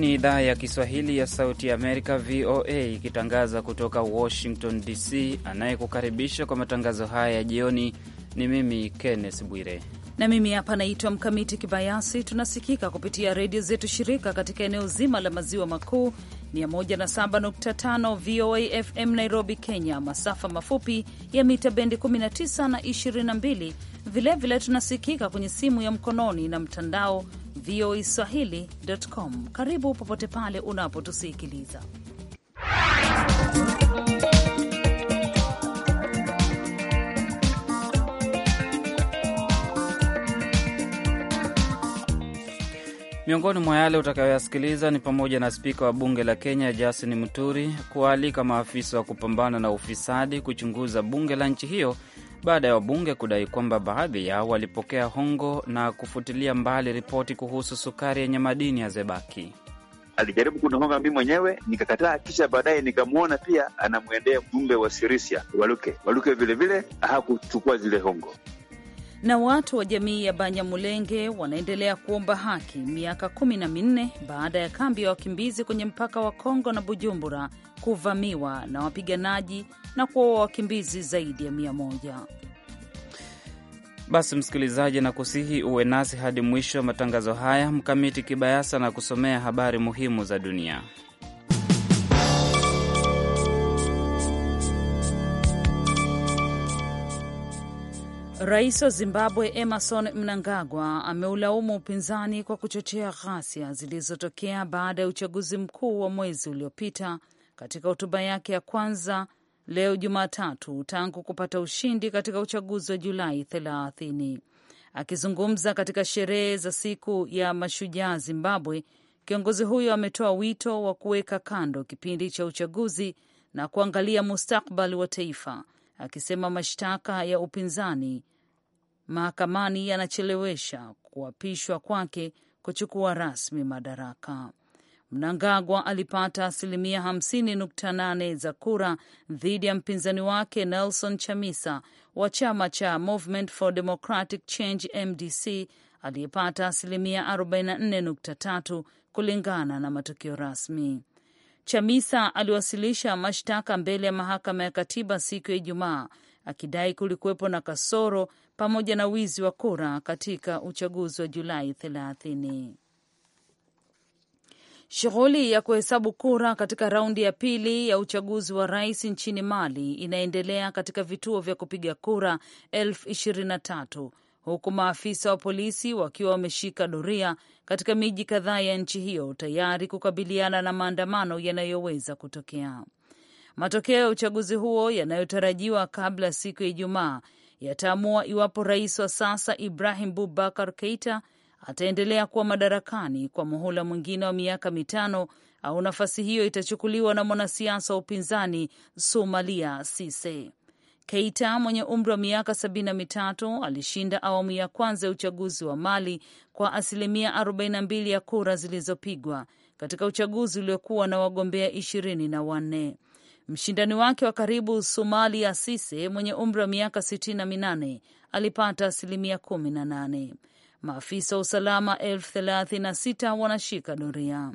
ni idhaa ya Kiswahili ya Sauti ya Amerika, VOA, ikitangaza kutoka Washington DC. Anayekukaribisha kwa matangazo haya ya jioni ni mimi Kenneth Bwire na mimi hapa naitwa Mkamiti Kibayasi. Tunasikika kupitia redio zetu shirika katika eneo zima la maziwa makuu, 107.5 VOA FM Nairobi, Kenya, masafa mafupi ya mita bendi 19 na 22. Vilevile vile tunasikika kwenye simu ya mkononi na mtandao VOA Swahili.com. Karibu popote pale unapotusikiliza. Miongoni mwa yale utakayoyasikiliza ni pamoja na spika wa bunge la Kenya Justin Muturi kuwaalika maafisa wa kupambana na ufisadi kuchunguza bunge la nchi hiyo baada ya wabunge kudai kwamba baadhi yao walipokea hongo na kufutilia mbali ripoti kuhusu sukari yenye madini ya zebaki. Alijaribu kunihonga mi mwenyewe nikakataa, kisha baadaye nikamwona pia anamwendea mjumbe wa Sirisia Waluke. Waluke vilevile hakuchukua zile hongo. Na watu wa jamii ya Banyamulenge wanaendelea kuomba haki miaka kumi na minne baada ya kambi ya wakimbizi kwenye mpaka wa Kongo na Bujumbura kuvamiwa na wapiganaji na kuwaua wakimbizi zaidi ya mia moja. Basi msikilizaji, na kusihi uwe nasi hadi mwisho wa matangazo haya. Mkamiti Kibayasa na kusomea habari muhimu za dunia. Rais wa Zimbabwe Emerson Mnangagwa ameulaumu upinzani kwa kuchochea ghasia zilizotokea baada ya uchaguzi mkuu wa mwezi uliopita. Katika hotuba yake ya kwanza leo Jumatatu tangu kupata ushindi katika uchaguzi wa Julai 30. Akizungumza katika sherehe za siku ya mashujaa Zimbabwe, kiongozi huyo ametoa wito wa kuweka kando kipindi cha uchaguzi na kuangalia mustakbali wa taifa, akisema mashtaka ya upinzani mahakamani yanachelewesha kuapishwa kwake kuchukua rasmi madaraka. Mnangagwa alipata asilimia 50.8 za kura dhidi ya mpinzani wake Nelson Chamisa wa chama cha Movement for Democratic Change MDC aliyepata asilimia 44.3 kulingana na matokeo rasmi. Chamisa aliwasilisha mashtaka mbele ya mahakama ya katiba siku ya Ijumaa akidai kulikuwepo na kasoro pamoja na wizi wa kura katika uchaguzi wa Julai 30. Shughuli ya kuhesabu kura katika raundi ya pili ya uchaguzi wa rais nchini Mali inaendelea katika vituo vya kupiga kura elfu ishirini na tatu huku maafisa wa polisi wakiwa wameshika doria katika miji kadhaa ya nchi hiyo tayari kukabiliana na maandamano yanayoweza kutokea. Matokeo ya uchaguzi huo yanayotarajiwa kabla siku ya Ijumaa yataamua iwapo rais wa sasa Ibrahim Boubacar Keita ataendelea kuwa madarakani kwa muhula mwingine wa miaka mitano au nafasi hiyo itachukuliwa na mwanasiasa wa upinzani Sumalia Cisse. Keita mwenye umri wa miaka sabini na mitatu alishinda awamu ya kwanza ya uchaguzi wa Mali kwa asilimia 42 ya kura zilizopigwa katika uchaguzi uliokuwa na wagombea ishirini na wanne. Mshindani wake wa karibu Sumalia Cisse mwenye umri wa miaka sitini na minane alipata asilimia kumi na nane. Maafisa wa usalama elfu thelathini na sita wanashika doria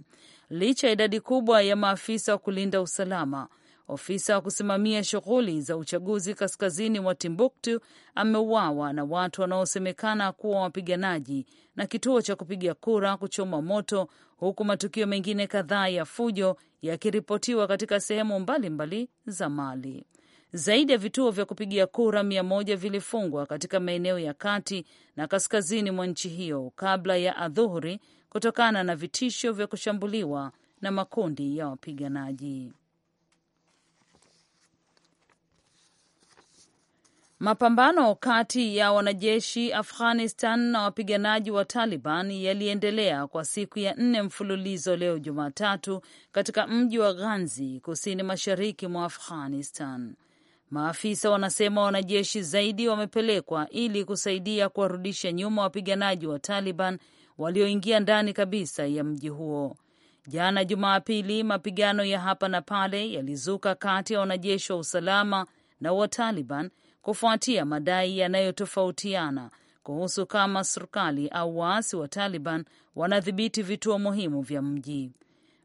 licha ya idadi kubwa ya maafisa wa kulinda usalama. Ofisa wa kusimamia shughuli za uchaguzi kaskazini mwa Timbuktu ameuawa na watu wanaosemekana kuwa wapiganaji na kituo cha kupiga kura kuchoma moto, huku matukio mengine kadhaa ya fujo yakiripotiwa katika sehemu mbalimbali za Mali. Zaidi ya vituo vya kupigia kura mia moja vilifungwa katika maeneo ya kati na kaskazini mwa nchi hiyo kabla ya adhuhuri kutokana na vitisho vya kushambuliwa na makundi ya wapiganaji. Mapambano kati ya wanajeshi Afghanistan na wapiganaji wa Taliban yaliendelea kwa siku ya nne mfululizo leo Jumatatu katika mji wa Ghanzi kusini mashariki mwa Afghanistan. Maafisa wanasema wanajeshi zaidi wamepelekwa ili kusaidia kuwarudisha nyuma wapiganaji wa Taliban walioingia ndani kabisa ya mji huo. Jana Jumapili, mapigano ya hapa na pale yalizuka kati ya wanajeshi wa usalama na wa Taliban kufuatia madai yanayotofautiana kuhusu kama serikali au waasi wa Taliban wanadhibiti vituo muhimu vya mji.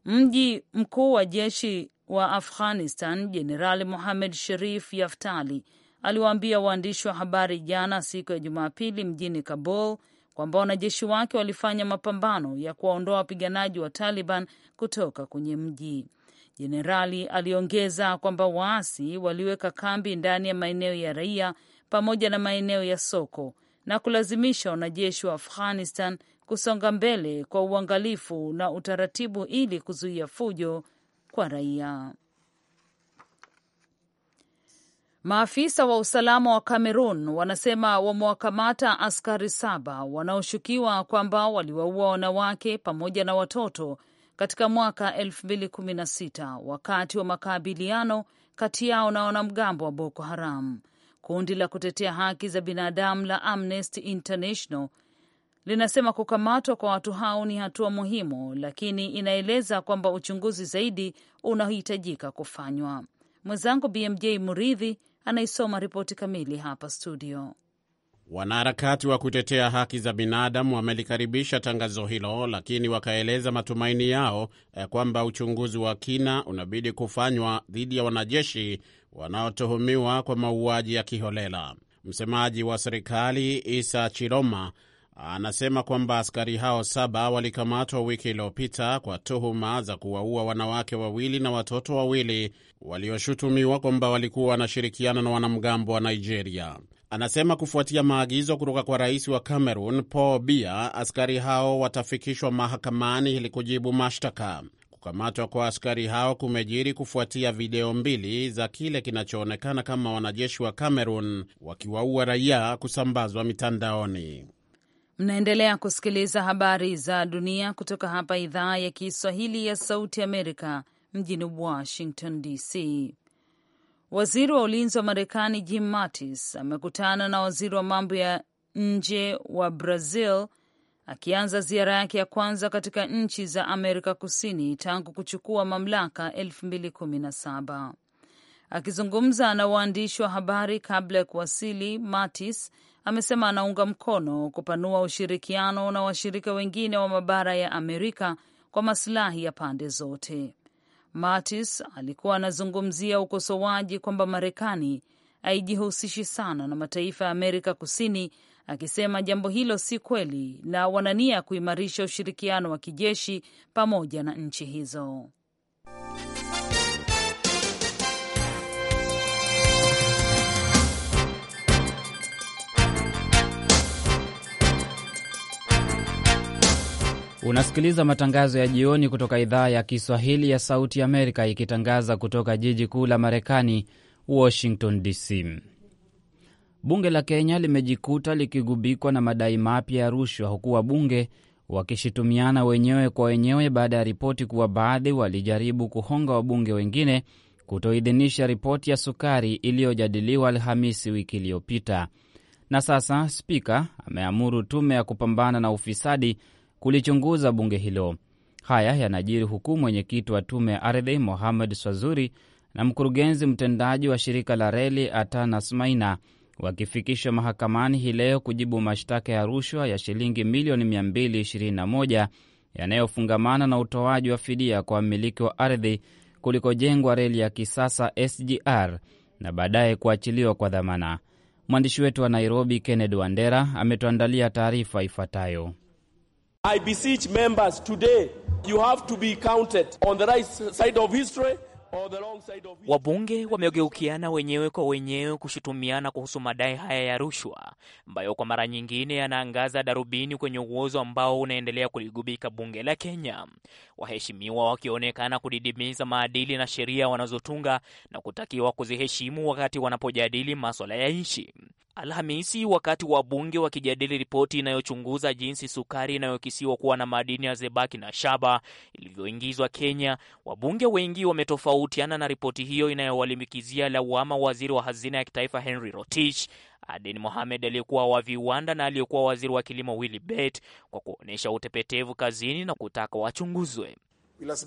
Mji mkuu wa jeshi wa Afghanistan Jenerali Mohamed Sherif Yaftali aliwaambia waandishi wa habari jana siku ya Jumapili mjini Kabul kwamba wanajeshi wake walifanya mapambano ya kuwaondoa wapiganaji wa Taliban kutoka kwenye mji. Jenerali aliongeza kwamba waasi waliweka kambi ndani ya maeneo ya raia pamoja na maeneo ya soko na kulazimisha wanajeshi wa Afghanistan kusonga mbele kwa uangalifu na utaratibu ili kuzuia fujo kwa raia. Maafisa wa usalama wa Kamerun wanasema wamewakamata askari saba wanaoshukiwa kwamba waliwaua wanawake pamoja na watoto katika mwaka 2016 wakati wa makabiliano kati yao na wanamgambo wa Boko Haram. Kundi la kutetea haki za binadamu la Amnesty International linasema kukamatwa kwa watu hao ni hatua muhimu, lakini inaeleza kwamba uchunguzi zaidi unahitajika kufanywa. Mwenzangu BMJ Muridhi anaisoma ripoti kamili hapa studio. Wanaharakati wa kutetea haki za binadamu wamelikaribisha tangazo hilo, lakini wakaeleza matumaini yao ya eh, kwamba uchunguzi wa kina unabidi kufanywa dhidi ya wanajeshi wanaotuhumiwa kwa mauaji ya kiholela. Msemaji wa serikali Isa Chiroma anasema kwamba askari hao saba walikamatwa wiki iliyopita kwa tuhuma za kuwaua wanawake wawili na watoto wawili walioshutumiwa kwamba walikuwa wanashirikiana na wanamgambo wa Nigeria. Anasema kufuatia maagizo kutoka kwa rais wa Cameroon Paul Biya, askari hao watafikishwa mahakamani ili kujibu mashtaka. Kukamatwa kwa askari hao kumejiri kufuatia video mbili za kile kinachoonekana kama wanajeshi wa Cameroon wakiwaua raia kusambazwa mitandaoni. Mnaendelea kusikiliza habari za dunia kutoka hapa idhaa ya Kiswahili ya Sauti Amerika mjini Washington DC. Waziri wa ulinzi wa Marekani Jim Mattis amekutana na waziri wa mambo ya nje wa Brazil akianza ziara yake ya kwanza katika nchi za Amerika Kusini tangu kuchukua mamlaka 2017. Akizungumza na waandishi wa habari kabla ya kuwasili, Mattis amesema anaunga mkono kupanua ushirikiano na washirika wengine wa mabara ya Amerika kwa masilahi ya pande zote. Mattis alikuwa anazungumzia ukosoaji kwamba Marekani haijihusishi sana na mataifa ya Amerika Kusini, akisema jambo hilo si kweli na wanania kuimarisha ushirikiano wa kijeshi pamoja na nchi hizo. Unasikiliza matangazo ya jioni kutoka idhaa ya Kiswahili ya Sauti Amerika ikitangaza kutoka jiji kuu la Marekani, Washington DC. Bunge la Kenya limejikuta likigubikwa na madai mapya ya rushwa, huku wabunge wakishitumiana wenyewe kwa wenyewe baada ya ripoti kuwa baadhi walijaribu kuhonga wabunge wengine kutoidhinisha ripoti ya sukari iliyojadiliwa Alhamisi wiki iliyopita. Na sasa spika ameamuru tume ya kupambana na ufisadi kulichunguza bunge hilo. Haya yanajiri huku mwenyekiti wa tume ya ardhi Mohamed Swazuri na mkurugenzi mtendaji wa shirika la reli Atanas Maina wakifikishwa mahakamani hii leo kujibu mashtaka ya rushwa ya shilingi milioni 221 yanayofungamana na utoaji wa fidia kwa mmiliki wa ardhi kulikojengwa reli ya kisasa SGR na baadaye kuachiliwa kwa dhamana. Mwandishi wetu wa Nairobi, Kennedy Wandera, ametuandalia taarifa ifuatayo. I beseech members today you have to be counted on the right side of history or the wrong side of history. Wabunge wamegeukiana wenyewe kwa wenyewe kushutumiana kuhusu madai haya ya rushwa ambayo kwa mara nyingine yanaangaza darubini kwenye uozo ambao unaendelea kuligubika bunge la Kenya. Waheshimiwa wakionekana kudidimiza maadili na sheria wanazotunga na kutakiwa kuziheshimu wakati wanapojadili maswala ya nchi. Alhamisi wakati wabunge wakijadili ripoti inayochunguza jinsi sukari inayokisiwa kuwa na madini ya zebaki na shaba ilivyoingizwa Kenya, wabunge wengi wametofautiana na ripoti hiyo inayowalimbikizia lawama waziri wa hazina ya kitaifa Henry Rotich, Aden Mohamed aliyekuwa wa viwanda na aliyekuwa waziri wa kilimo Willy Bet kwa kuonyesha utepetevu kazini na kutaka wachunguzwe. As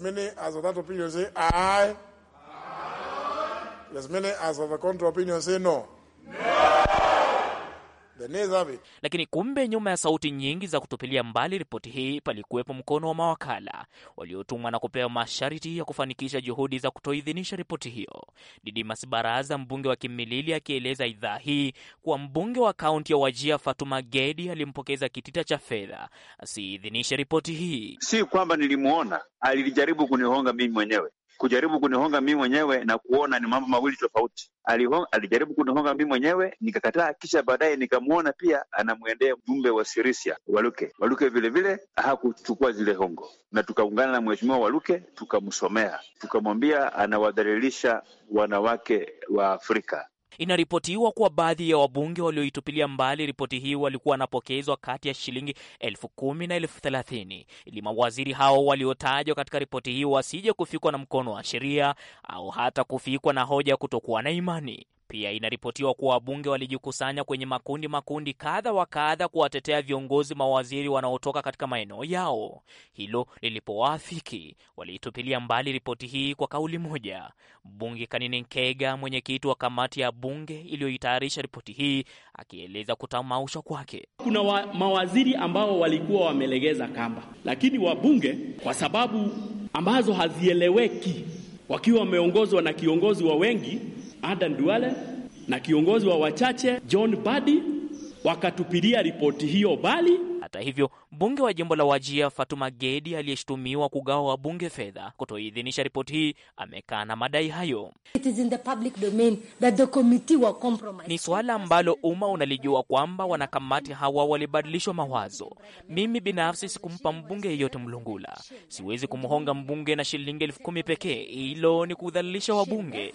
lakini kumbe nyuma ya sauti nyingi za kutupilia mbali ripoti hii palikuwepo mkono wa mawakala waliotumwa na kupewa masharti ya kufanikisha juhudi za kutoidhinisha ripoti hiyo. Didimas Baraza, mbunge wa Kimilili, akieleza idhaa hii kuwa mbunge wa kaunti ya Wajia Fatuma Gedi alimpokeza kitita cha fedha asiidhinishe ripoti hii. Si kwamba nilimwona, alijaribu kunihonga mimi mwenyewe, kujaribu kunihonga mimi mwenyewe na kuona ni mambo mawili tofauti. Alihonga, alijaribu kunihonga mimi mwenyewe nikakataa, kisha baadaye nikamwona pia anamwendea mjumbe wa Sirisia Waluke. Waluke vilevile hakuchukua zile hongo, na tukaungana na mheshimiwa Waluke tukamsomea, tukamwambia anawadhalilisha wanawake wa Afrika Inaripotiwa kuwa baadhi ya wabunge walioitupilia mbali ripoti hii walikuwa wanapokezwa kati ya shilingi elfu kumi na elfu thelathini ili mawaziri hao waliotajwa katika ripoti hii wasije kufikwa na mkono wa sheria au hata kufikwa na hoja kutokuwa na imani. Pia inaripotiwa kuwa wabunge walijikusanya kwenye makundi makundi kadha wa kadha kuwatetea viongozi mawaziri wanaotoka katika maeneo yao. Hilo lilipowafiki, waliitupilia mbali ripoti hii kwa kauli moja. Mbunge Kanini Nkega, mwenyekiti wa kamati ya bunge iliyoitayarisha ripoti hii, akieleza kutamaushwa kwake. Kuna wa mawaziri ambao walikuwa wamelegeza kamba, lakini wabunge kwa sababu ambazo hazieleweki, wakiwa wameongozwa na kiongozi wa wengi Adan Duale na kiongozi wa wachache John Badi wakatupilia ripoti hiyo bali hata hivyo, mbunge wa jimbo la Wajia Fatuma Gedi aliyeshutumiwa kugawa wabunge fedha kutoidhinisha ripoti hii amekaa na madai hayo. Ni suala ambalo umma unalijua kwamba wanakamati hawa walibadilishwa mawazo. Mimi binafsi sikumpa mbunge yeyote mlungula, siwezi kumhonga mbunge na shilingi elfu kumi pekee. Hilo ni kudhalilisha wabunge.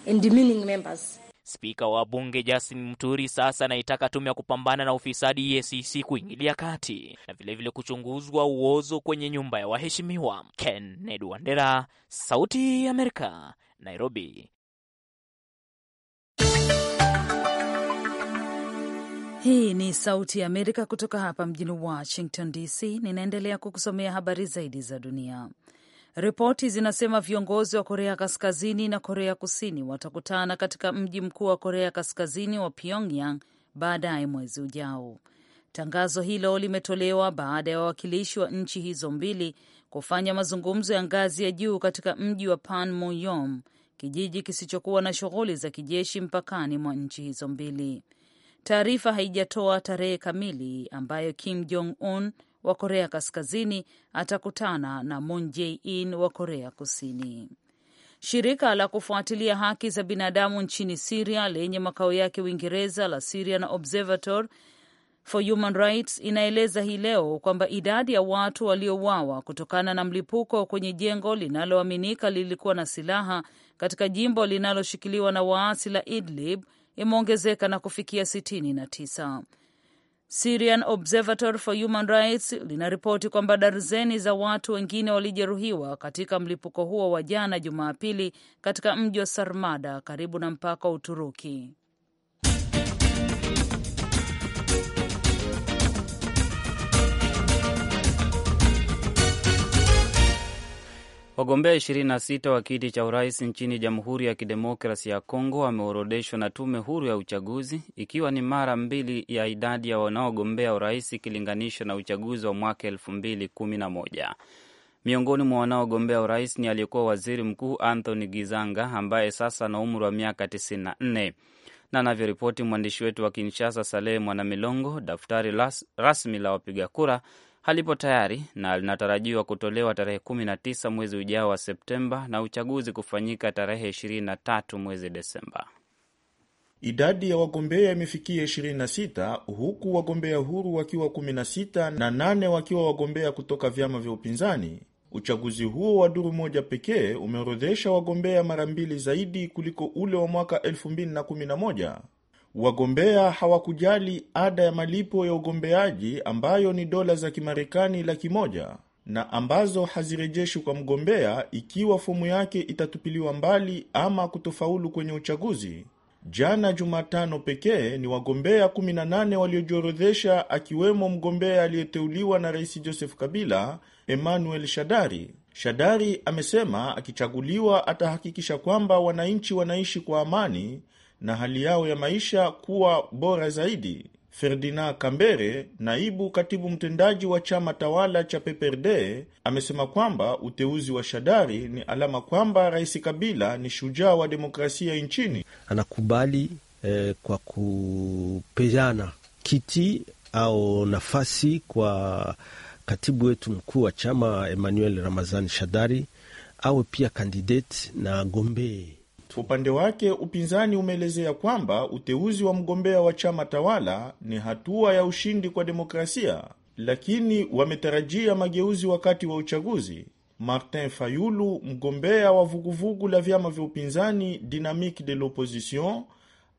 Spika wa bunge Justin Muturi sasa anaitaka tume ya kupambana na ufisadi EACC kuingilia kati na vilevile kuchunguzwa uozo kwenye nyumba ya waheshimiwa. Kennedy Wandera, Sauti ya Amerika, Nairobi. Hii ni Sauti ya Amerika kutoka hapa mjini Washington DC. Ninaendelea kukusomea habari zaidi za dunia. Ripoti zinasema viongozi wa Korea Kaskazini na Korea Kusini watakutana katika mji mkuu wa Korea Kaskazini wa Pyongyang baadaye mwezi ujao. Tangazo hilo limetolewa baada ya wawakilishi wa nchi hizo mbili kufanya mazungumzo ya ngazi ya juu katika mji wa Panmunjom, kijiji kisichokuwa na shughuli za kijeshi mpakani mwa nchi hizo mbili. Taarifa haijatoa tarehe kamili ambayo Kim Jong Un wa Korea Kaskazini atakutana na Moon Jae-in wa Korea Kusini. Shirika la kufuatilia haki za binadamu nchini Siria lenye makao yake Uingereza la Syrian Observatory for Human Rights inaeleza hii leo kwamba idadi ya watu waliouawa kutokana na mlipuko kwenye jengo linaloaminika lilikuwa na silaha katika jimbo linaloshikiliwa na waasi la Idlib imeongezeka na kufikia sitini na tisa. Syrian Observatory for Human Rights linaripoti kwamba darzeni za watu wengine walijeruhiwa katika mlipuko huo wa jana Jumapili katika mji wa Sarmada karibu na mpaka wa Uturuki. Wagombea 26 wa kiti cha urais nchini Jamhuri ya Kidemokrasi ya Kongo wameorodeshwa na tume huru ya uchaguzi, ikiwa ni mara mbili ya idadi ya wanaogombea urais ikilinganishwa na uchaguzi wa mwaka elfu Miongoni mwa wanaogombea urais ni aliyekuwa waziri mkuu Anthony Gizanga ambaye sasa ana umri wa miaka 94 na anavyoripoti mwandishi wetu wa Kinshasa, Salehe Mwanamilongo, daftari las, rasmi la wapiga kura halipo tayari na linatarajiwa kutolewa tarehe 19 mwezi ujao wa Septemba na uchaguzi kufanyika tarehe 23 mwezi Desemba. Idadi ya wagombea imefikia 26 huku wagombea huru wakiwa 16 na nane wakiwa wagombea kutoka vyama vya upinzani. Uchaguzi huo wa duru moja pekee umeorodhesha wagombea mara mbili zaidi kuliko ule wa mwaka 2011. Wagombea hawakujali ada ya malipo ya ugombeaji ambayo ni dola za Kimarekani laki moja na ambazo hazirejeshwi kwa mgombea ikiwa fomu yake itatupiliwa mbali ama kutofaulu kwenye uchaguzi. Jana Jumatano pekee ni wagombea 18 waliojiorodhesha akiwemo mgombea aliyeteuliwa na Rais Joseph Kabila, Emmanuel Shadari. Shadari amesema akichaguliwa atahakikisha kwamba wananchi wanaishi kwa amani na hali yao ya maisha kuwa bora zaidi. Ferdinand Kambere, naibu katibu mtendaji wa chama tawala cha PPRD, amesema kwamba uteuzi wa Shadari ni alama kwamba Rais Kabila ni shujaa wa demokrasia nchini. Anakubali eh, kwa kupeana kiti au nafasi kwa katibu wetu mkuu wa chama Emmanuel Ramazani Shadari awe pia kandidate na agombee kwa Upande wake upinzani umeelezea kwamba uteuzi wa mgombea wa chama tawala ni hatua ya ushindi kwa demokrasia, lakini wametarajia mageuzi wakati wa uchaguzi. Martin Fayulu, mgombea wa vuguvugu la vyama vya upinzani Dynamique de l'Opposition,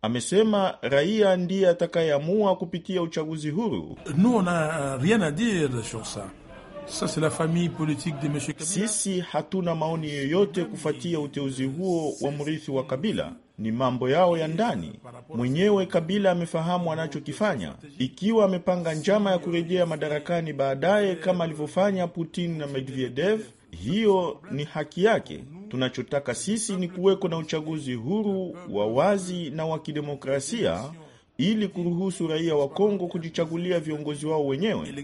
amesema raia ndiye atakayeamua kupitia uchaguzi huru. Nous on a rien dire sur ça sisi hatuna maoni yoyote kufuatia uteuzi huo wa mrithi wa Kabila. Ni mambo yao ya ndani. Mwenyewe Kabila amefahamu anachokifanya. Ikiwa amepanga njama ya kurejea madarakani baadaye kama alivyofanya Putin na Medvedev, hiyo ni haki yake. Tunachotaka sisi ni kuweko na uchaguzi huru wa wazi na wa kidemokrasia ili kuruhusu raia wa Kongo kujichagulia viongozi wao wenyewe.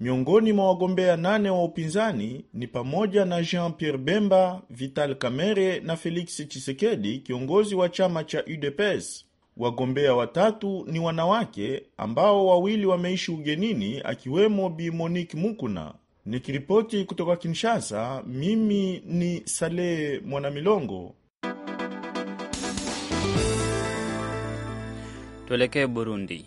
Miongoni mwa wagombea nane wa upinzani ni pamoja na Jean-Pierre Bemba, Vital Kamerhe na Felix Tshisekedi, kiongozi wa chama cha UDPS. Wagombea watatu ni wanawake ambao wawili wameishi ugenini akiwemo Bi Monique Mukuna. Nikiripoti kutoka Kinshasa, mimi ni Saleh Mwanamilongo. Tuelekee Burundi.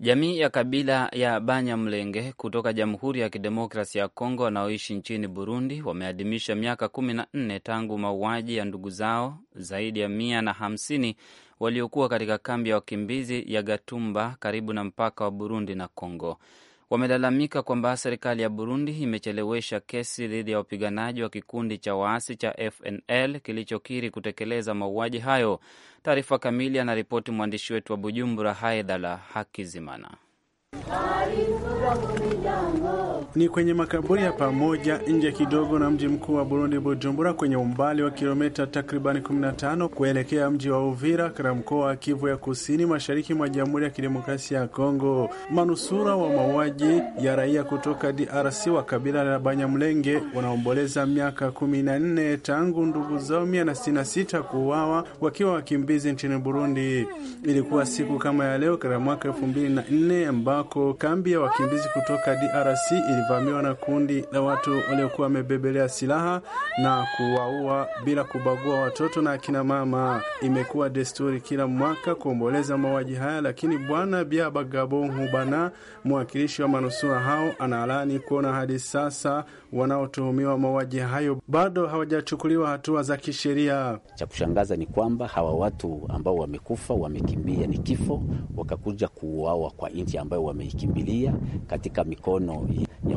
Jamii ya kabila ya mlenge kutoka Jamhuri ya Kidemokrasi ya Kongo wanaoishi nchini Burundi wameadhimisha miaka kumi na nne tangu mauaji ya ndugu zao zaidi ya mia na hamsini waliokuwa katika kambi ya wakimbizi ya Gatumba karibu na mpaka wa Burundi na Kongo wamelalamika kwamba serikali ya Burundi imechelewesha kesi dhidi ya wapiganaji wa kikundi cha waasi cha FNL kilichokiri kutekeleza mauaji hayo. Taarifa kamili anaripoti mwandishi wetu wa Bujumbura, Haidhala Hakizimana ni kwenye makaburi ya pamoja nje kidogo na mji mkuu wa Burundi, Bujumbura, kwenye umbali wa kilomita takribani 15 kuelekea mji wa Uvira katika mkoa wa Kivu ya kusini mashariki mwa Jamhuri ya Kidemokrasia ya Kongo. Manusura wa mauaji ya raia kutoka DRC wa kabila la Banyamulenge wanaomboleza miaka 14 tangu ndugu zao 166 kuuawa wakiwa wakimbizi nchini Burundi. Ilikuwa siku kama ya leo katika mwaka 2004 ambako kambi ya wakimbizi kutoka DRC ili walivamiwa na kundi la watu waliokuwa wamebebelea silaha na kuwaua bila kubagua watoto na akina mama. Imekuwa desturi kila mwaka kuomboleza mauaji haya, lakini Bwana Biaba Gabon Hubana, mwakilishi wa manusura hao, anaalani kuona hadi sasa wanaotuhumiwa mauaji hayo bado hawajachukuliwa hatua za kisheria. Cha kushangaza ni kwamba hawa watu ambao wamekufa wamekimbia ni kifo, wakakuja kuuawa kwa nchi ambayo wameikimbilia katika mikono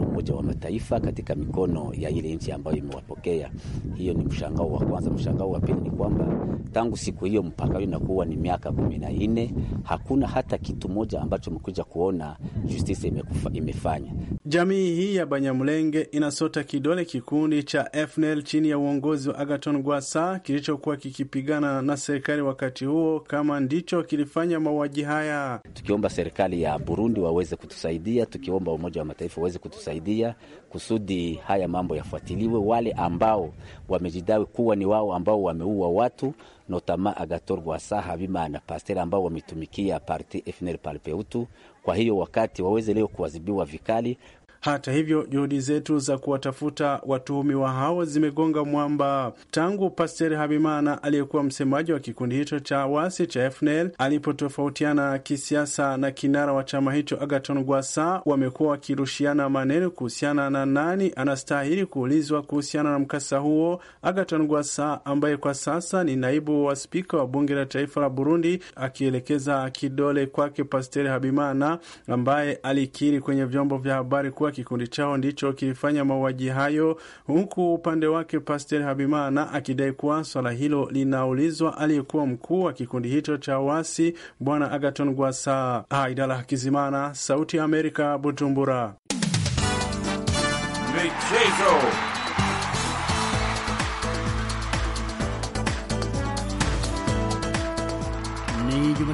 ya Umoja wa Mataifa katika mikono ya ile nchi ambayo imewapokea. Hiyo ni mshangao wa kwanza. Mshangao wa pili ni kwamba tangu siku hiyo mpaka leo inakuwa ni miaka kumi na nne, hakuna hata kitu moja ambacho mkuja kuona justice imekufa, imefanya. Jamii hii ya Banyamulenge inasota kidole kikundi cha FNL chini ya uongozi wa Agaton Gwasa kilichokuwa kikipigana na serikali wakati huo kama ndicho kilifanya mauaji haya, tukiomba serikali ya Burundi waweze kutusaidia, tukiomba Umoja wa Mataifa waweze kutusaidia kutusaidia kusudi haya mambo yafuatiliwe. Wale ambao wamejidai kuwa ni wao ambao wameua watu notama Agathon Rwasa, Habimana Paster ambao wametumikia parti FNL Palpeutu, kwa hiyo wakati waweze leo kuadhibiwa vikali hata hivyo, juhudi zetu za kuwatafuta watuhumiwa hao zimegonga mwamba tangu Pasteri Habimana aliyekuwa msemaji wa kikundi hicho cha wasi cha FNL alipotofautiana kisiasa na kinara wa chama hicho Agaton Gwasa. Wamekuwa wakirushiana maneno kuhusiana na nani anastahili kuulizwa kuhusiana na mkasa huo. Agaton Gwasa ambaye kwa sasa ni naibu wa spika wa bunge la taifa la Burundi akielekeza kidole kwake Pasteri Habimana ambaye alikiri kwenye vyombo vya habari kuwa kuwa kikundi chao ndicho kilifanya mauaji hayo, huku upande wake Pastor Habimana akidai kuwa swala hilo linaulizwa aliyekuwa mkuu wa kikundi hicho cha wasi Bwana Agaton Gwasa. Aidala Kizimana, Sauti ya Amerika, Bujumbura. Michezo.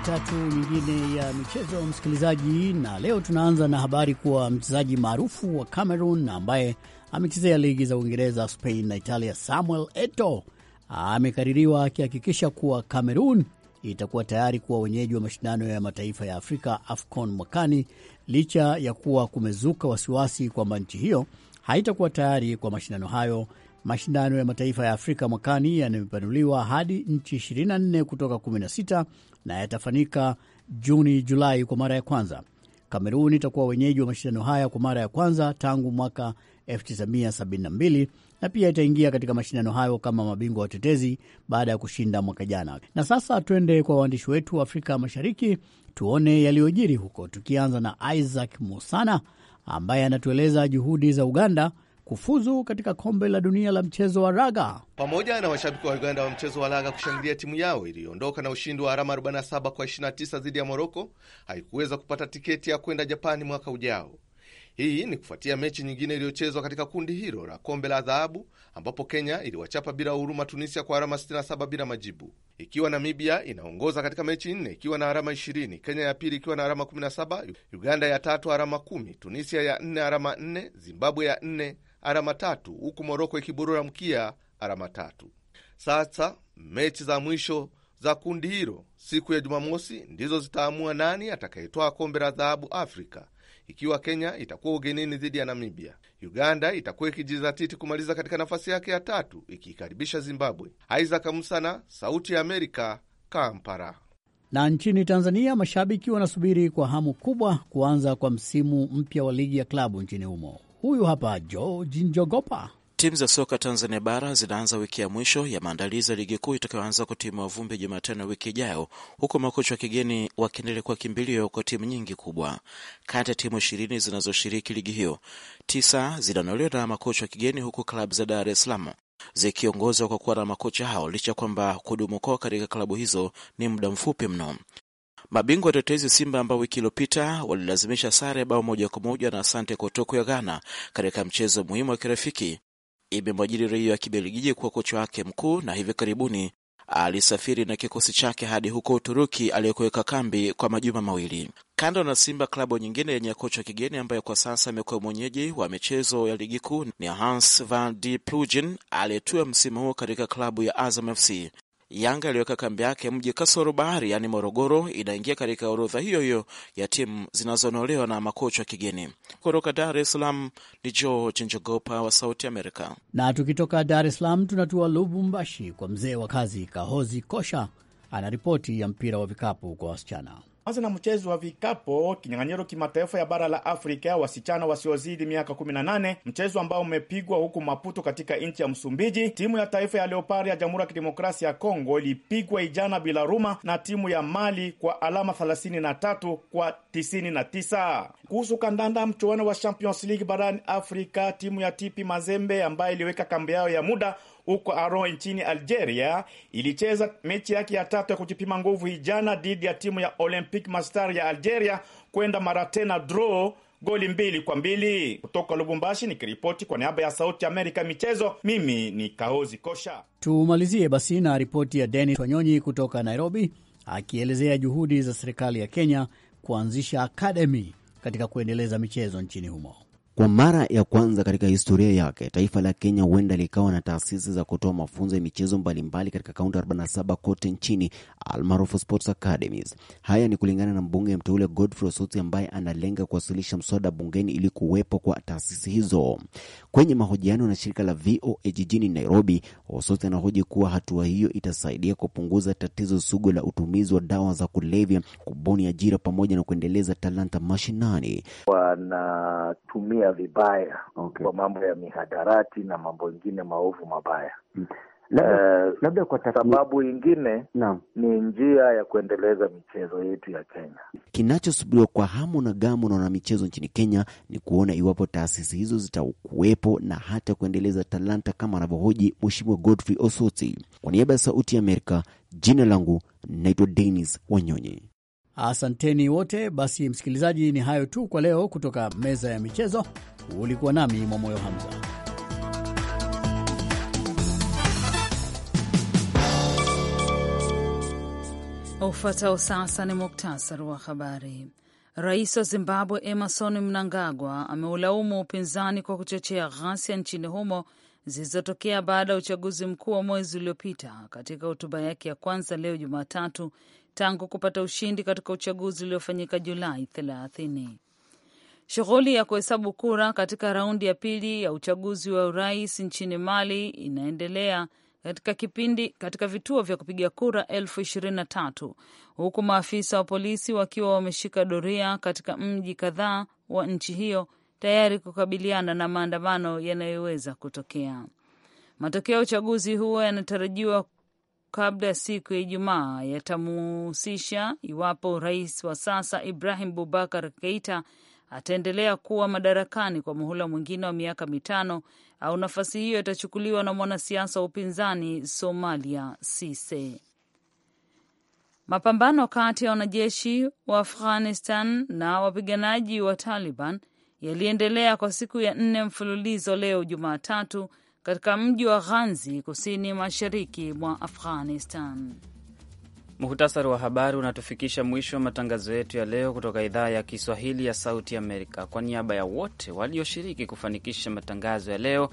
tatu nyingine ya michezo msikilizaji, na leo tunaanza na habari kuwa mchezaji maarufu wa Cameroon na ambaye amechezea ligi za Uingereza, Spain na Italia, Samuel Eto amekaririwa akihakikisha kuwa Cameroon itakuwa tayari kuwa wenyeji wa mashindano ya mataifa ya Afrika AFCON mwakani licha ya kuwa kumezuka wasiwasi kwamba nchi hiyo haitakuwa tayari kwa mashindano hayo. Mashindano ya mataifa ya Afrika mwakani yamepanuliwa hadi nchi 24 kutoka 16 na yatafanyika Juni Julai kwa mara ya kwanza. Kamerun itakuwa wenyeji wa mashindano haya kwa mara ya kwanza tangu mwaka 1972 na pia itaingia katika mashindano hayo kama mabingwa watetezi baada ya kushinda mwaka jana. Na sasa twende kwa waandishi wetu wa Afrika Mashariki tuone yaliyojiri huko, tukianza na Isaac Musana ambaye anatueleza juhudi za Uganda kufuzu katika kombe la dunia la mchezo wa raga. Pamoja na washabiki wa Uganda wa mchezo wa raga kushangilia timu yao iliyoondoka na ushindi wa alama 47 kwa 29 dhidi ya Moroko, haikuweza kupata tiketi ya kwenda Japani mwaka ujao. Hii ni kufuatia mechi nyingine iliyochezwa katika kundi hilo la kombe la dhahabu ambapo Kenya iliwachapa bila huruma Tunisia kwa alama 67 bila majibu, ikiwa Namibia inaongoza katika mechi nne ikiwa na alama 20, Kenya ya pili ikiwa na alama 17, Uganda ya tatu alama 10, Tunisia ya nne alama 4, Zimbabwe ya nne alama tatu huku Moroko ikiburura mkia alama tatu. Sasa mechi za mwisho za kundi hilo siku ya Jumamosi ndizo zitaamua nani atakayetoa kombe la dhahabu Afrika, ikiwa Kenya itakuwa ugenini dhidi ya Namibia. Uganda itakuwa ikijizatiti kumaliza katika nafasi yake ya tatu ikiikaribisha Zimbabwe. Isaac Musana, Sauti ya Amerika, Kampala. Na nchini Tanzania, mashabiki wanasubiri kwa hamu kubwa kuanza kwa msimu mpya wa ligi ya klabu nchini humo. Huyu hapa George Njogopa. Timu za soka Tanzania bara zinaanza wiki ya mwisho ya maandalizi ya ligi kuu itakayoanza kutimua vumbi Jumatano ya wiki ijayo, huku makocha wa kigeni wakiendelea kuwa kimbilio kwa timu nyingi kubwa. Kati ya timu ishirini zinazoshiriki ligi hiyo, tisa zinanolewa na makocha wa kigeni, huku klabu za Dar es Salaam zikiongozwa kwa kuwa na makocha hao, licha ya kwamba kudumu kwao katika klabu hizo ni muda mfupi mno. Mabingwa watetezi Simba ambao wiki iliyopita walilazimisha sare ya bao moja kwa moja na Asante Kotoko ya Ghana katika mchezo muhimu wa kirafiki imemwajiri Reio ya Kibelgiji kuwa kocha wake mkuu, na hivi karibuni alisafiri na kikosi chake hadi huko Uturuki aliyekuweka kambi kwa majuma mawili. Kando na Simba, klabu nyingine yenye kocha kigeni ambaye kwa sasa amekuwa mwenyeji wa michezo ya ligi kuu ni Hans van de Pluijgen aliyetua msimu huo katika klabu ya Azam FC. Yanga iliweka kambi yake mji kasoro bahari, yaani Morogoro, inaingia katika orodha hiyo hiyo ya timu zinazonolewa na makocha wa kigeni. Kutoka Dar es Salaam ni George Njogopa wa Sauti Amerika. Na tukitoka Dar es Salaam tunatua Lubumbashi kwa mzee wa kazi Kahozi Kosha ana ripoti ya mpira wa vikapu kwa wasichana. Anza na mchezo wa vikapo, kinyang'anyiro kimataifa ya bara la Afrika ya wasichana wasiozidi miaka 18, mchezo ambao umepigwa huku Maputo katika nchi ya Msumbiji. Timu ya taifa ya Leopard ya Jamhuri ya Kidemokrasia ya Kongo ilipigwa ijana bila ruma na timu ya Mali kwa alama 33 kwa 99. Kuhusu kandanda, mchuano wa Champions League barani Afrika, timu ya TP Mazembe ambayo iliweka kambi yao ya muda huko Aro nchini Algeria ilicheza mechi yake ya tatu ya kujipima nguvu hijana dhidi ya timu ya Olympic Olympic Mastar ya Algeria kwenda mara tena draw goli mbili kwa mbili. Kutoka Lubumbashi nikiripoti kwa niaba ya Sauti ya Amerika michezo, mimi ni Kaozi Kosha. Tumalizie basi na ripoti ya Denis Wanyonyi kutoka Nairobi akielezea juhudi za serikali ya Kenya kuanzisha akademi katika kuendeleza michezo nchini humo. Kwa mara ya kwanza katika historia yake, taifa la Kenya huenda likawa na taasisi za kutoa mafunzo ya michezo mbalimbali katika kaunti 47 kote nchini almaarufu sports academies. Haya ni kulingana na mbunge mteule Godfrey Osotsi ambaye analenga kuwasilisha mswada bungeni ili kuwepo kwa taasisi hizo. Kwenye mahojiano na shirika la VOA jijini Nairobi, Osotsi anahoji kuwa hatua hiyo itasaidia kupunguza tatizo sugu la utumizi wa dawa za kulevya, kubuni ajira pamoja na kuendeleza talanta mashinani. Wanatumia kutumia vibaya okay, kwa mambo ya mihadarati na mambo ingine maovu mabaya mm. Labda, uh, labda kwa sababu ingine no, ni njia ya kuendeleza michezo yetu ya Kenya. Kinachosubiriwa kwa hamu na gamu na wanamichezo nchini Kenya ni kuona iwapo taasisi hizo zitakuwepo na hata kuendeleza talanta kama anavyohoji Mheshimiwa Godfrey Osoti. Kwa niaba ya Sauti ya Amerika, jina langu naitwa denis Wanyonyi. Asanteni wote. Basi msikilizaji, ni hayo tu kwa leo kutoka meza ya michezo. Ulikuwa nami Mwamoyo Hamza. Ufuatao sasa ni muktasari wa habari. Rais wa Zimbabwe Emerson Mnangagwa ameulaumu upinzani kwa kuchochea ghasia nchini humo zilizotokea baada ya uchaguzi mkuu wa mwezi uliopita. Katika hotuba yake ya kwanza leo Jumatatu tangu kupata ushindi katika uchaguzi uliofanyika Julai 30. Shughuli ya kuhesabu kura katika raundi ya pili ya uchaguzi wa urais nchini Mali inaendelea katika kipindi katika vituo vya kupiga kura elfu ishirini na tatu huku maafisa wa polisi wakiwa wameshika doria katika mji kadhaa wa nchi hiyo tayari kukabiliana na maandamano yanayoweza kutokea. Matokeo ya uchaguzi huo yanatarajiwa kabla ya siku ya Ijumaa yatamuhusisha iwapo rais wa sasa Ibrahim Bubakar Keita ataendelea kuwa madarakani kwa muhula mwingine wa miaka mitano au nafasi hiyo itachukuliwa na mwanasiasa wa upinzani Somalia Sise. Mapambano kati ya wanajeshi wa Afghanistan na wapiganaji wa Taliban yaliendelea kwa siku ya nne mfululizo leo Jumatatu katika mji wa Ghanzi kusini mashariki mwa Afghanistan. Muhtasari wa habari unatufikisha mwisho wa matangazo yetu ya leo kutoka idhaa ya Kiswahili ya Sauti Amerika. Kwa niaba ya wote walioshiriki kufanikisha matangazo ya leo,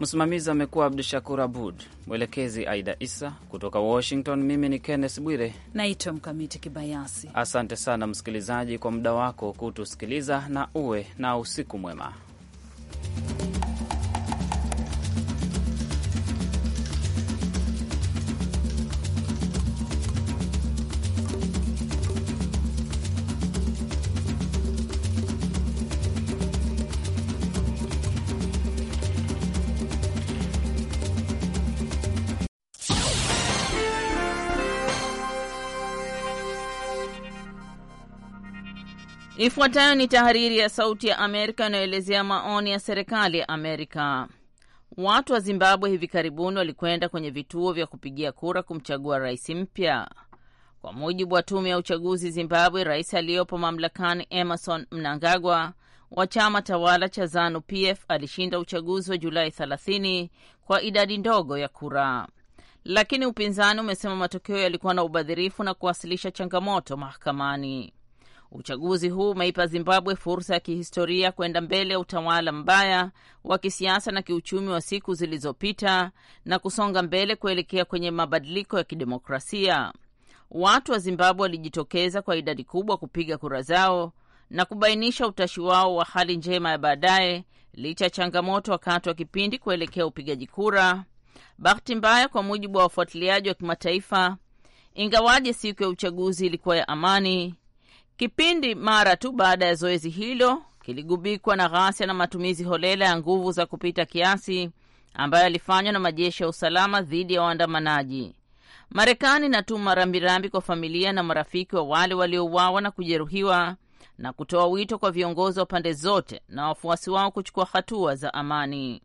msimamizi amekuwa Abdu Shakur Abud, mwelekezi Aida Isa kutoka Washington. Mimi ni Kenneth Bwire naitwa Mkamiti Kibayasi. Asante sana msikilizaji kwa muda wako kutusikiliza, na uwe na usiku mwema. Ifuatayo ni tahariri ya Sauti ya Amerika inayoelezea maoni ya serikali ya Amerika. Watu wa Zimbabwe hivi karibuni walikwenda kwenye vituo vya kupigia kura kumchagua rais mpya. Kwa mujibu wa tume ya uchaguzi Zimbabwe, rais aliyopo mamlakani Emerson Mnangagwa wa chama tawala cha ZANU PF alishinda uchaguzi wa Julai 30 kwa idadi ndogo ya kura, lakini upinzani umesema matokeo yalikuwa na ubadhirifu na kuwasilisha changamoto mahakamani. Uchaguzi huu umeipa Zimbabwe fursa ya kihistoria kwenda mbele ya utawala mbaya wa kisiasa na kiuchumi wa siku zilizopita na kusonga mbele kuelekea kwenye mabadiliko ya kidemokrasia. Watu wa Zimbabwe walijitokeza kwa idadi kubwa kupiga kura zao na kubainisha utashi wao wa hali njema ya baadaye licha ya changamoto wakati wa kipindi kuelekea upigaji kura. Bahati mbaya, kwa mujibu wa wafuatiliaji wa kimataifa, ingawaje siku ya uchaguzi ilikuwa ya amani, Kipindi mara tu baada ya zoezi hilo kiligubikwa na ghasia na matumizi holela ya nguvu za kupita kiasi ambayo yalifanywa na majeshi ya usalama dhidi ya waandamanaji. Marekani inatuma rambirambi kwa familia na marafiki wa wale waliouawa na kujeruhiwa na kutoa wito kwa viongozi wa pande zote na wafuasi wao kuchukua hatua za amani.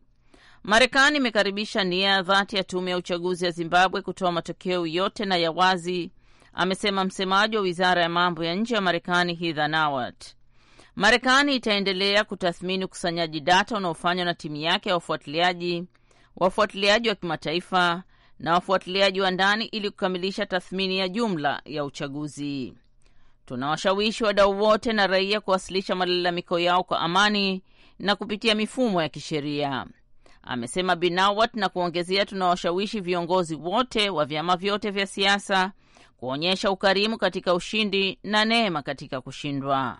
Marekani imekaribisha nia ya dhati ya tume ya uchaguzi ya Zimbabwe kutoa matokeo yote na ya wazi amesema msemaji wa wizara ya mambo ya nje ya Marekani Heather Nauert. Marekani itaendelea kutathmini ukusanyaji data unaofanywa na timu yake ya wafuatiliaji, wafuatiliaji wa kimataifa na wafuatiliaji wa ndani ili kukamilisha tathmini ya jumla ya uchaguzi. Tunawashawishi wadau wote na raia kuwasilisha malalamiko yao kwa amani na kupitia mifumo ya kisheria, amesema Binawat na kuongezea, tunawashawishi viongozi wote wa vyama vyote vya siasa kuonyesha ukarimu katika ushindi na neema katika kushindwa.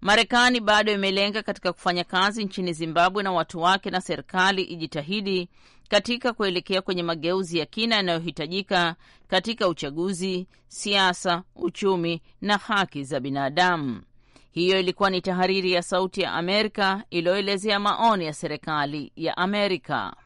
Marekani bado imelenga katika kufanya kazi nchini Zimbabwe na watu wake, na serikali ijitahidi katika kuelekea kwenye mageuzi ya kina yanayohitajika katika uchaguzi, siasa, uchumi na haki za binadamu. Hiyo ilikuwa ni tahariri ya Sauti ya Amerika iliyoelezea maoni ya serikali ya Amerika.